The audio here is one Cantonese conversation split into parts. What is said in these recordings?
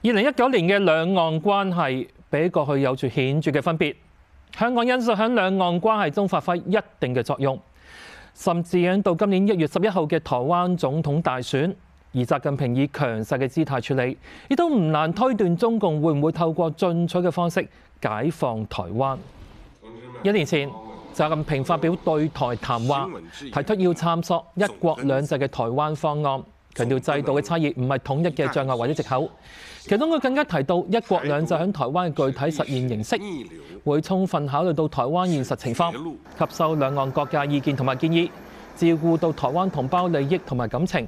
二零一九年嘅兩岸關係比過去有住顯著嘅分別，香港因素響兩岸關係中發揮一定嘅作用，甚至響到今年一月十一號嘅台灣總統大選，而習近平以強勢嘅姿態處理，亦都唔難推斷中共會唔會透過進取嘅方式解放台灣。一年前，習近平發表對台談話，提出要探索一國兩制嘅台灣方案。強調制度嘅差異唔係統一嘅障礙或者藉口。其中佢更加提到一國兩制喺台灣嘅具體實現形式，會充分考慮到台灣現實情況，吸收兩岸各界意見同埋建議，照顧到台灣同胞利益同埋感情。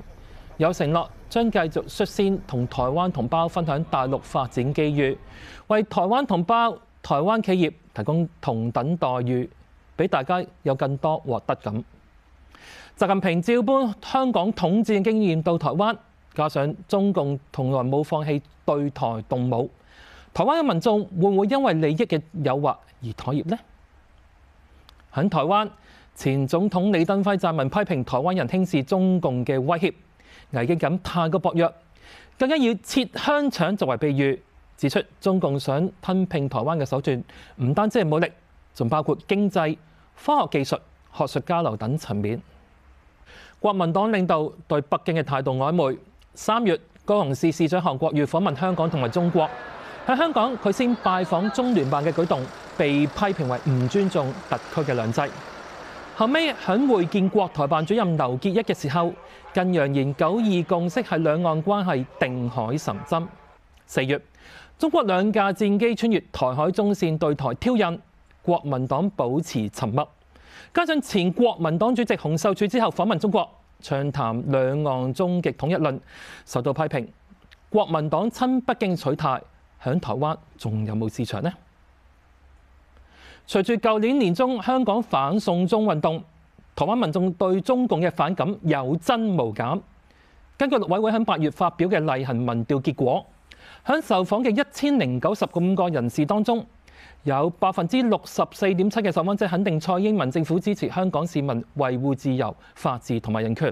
有承諾將繼續率先同台灣同胞分享大陸發展機遇，為台灣同胞、台灣企業提供同等待遇，俾大家有更多獲得感。習近平照搬香港統戰經驗到台灣，加上中共從來冇放棄對台動武，台灣嘅民眾會唔會因為利益嘅誘惑而妥協呢？喺台灣，前總統李登輝撰文批評台灣人輕視中共嘅威脅，危機感太過薄弱，更加要切香腸作為比喻，指出中共想吞併台灣嘅手段唔單止係武力，仲包括經濟、科學技術、學術交流等層面。國民黨領導對北京嘅態度曖昧。三月，高雄市市長韓國瑜訪問香港同埋中國，喺香港佢先拜訪中聯辦嘅舉動被批評為唔尊重特區嘅兩制。後尾喺會見國台辦主任劉結一嘅時候，更揚言九二共識係兩岸關係定海神針。四月，中國兩架戰機穿越台海中線對台挑釁，國民黨保持沉默。加上前國民黨主席洪秀柱之後訪問中國，暢談兩岸終極統一論，受到批評。國民黨親北京取態，喺台灣仲有冇市場呢？隨住舊年年中香港反送中運動，台灣民眾對中共嘅反感有增無減。根據陸委會喺八月發表嘅例行民調結果，喺受訪嘅一千零九十五個人士當中，有百分之六十四點七嘅受訪者肯定蔡英文政府支持香港市民維護自由、法治同埋人權；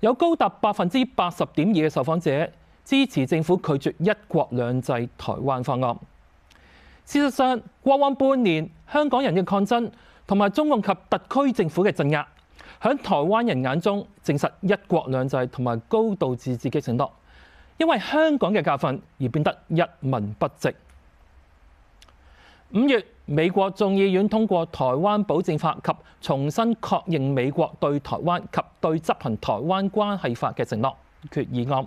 有高達百分之八十點二嘅受訪者支持政府拒絕一國兩制台灣方案。事實上，過往半年香港人嘅抗爭同埋中共及特區政府嘅鎮壓，喺台灣人眼中證實一國兩制同埋高度自治嘅承諾，因為香港嘅教訓而變得一文不值。五月，美國眾議院通過《台灣保證法》及重新確認美國對台灣及對執行《台灣關係法》嘅承諾決議案，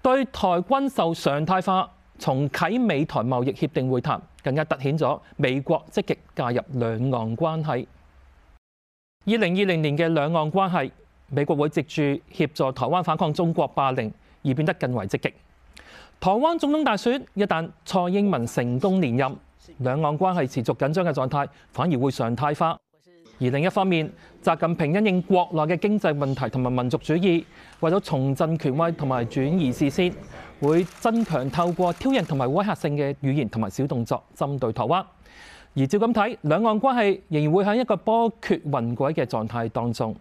對台軍售常態化、重啟美台貿易協定會談，更加突顯咗美國積極介入兩岸關係。二零二零年嘅兩岸關係，美國會藉住協助台灣反抗中國霸凌而變得更為積極。台灣總統大選一旦蔡英文成功連任，兩岸關係持續緊張嘅狀態，反而會常態化。而另一方面，習近平因應國內嘅經濟問題同埋民族主義，為咗重振權威同埋轉移視線，會增強透過挑釁同埋威嚇性嘅語言同埋小動作針對台灣。而照咁睇，兩岸關係仍然會喺一個波譎雲詭嘅狀態當中。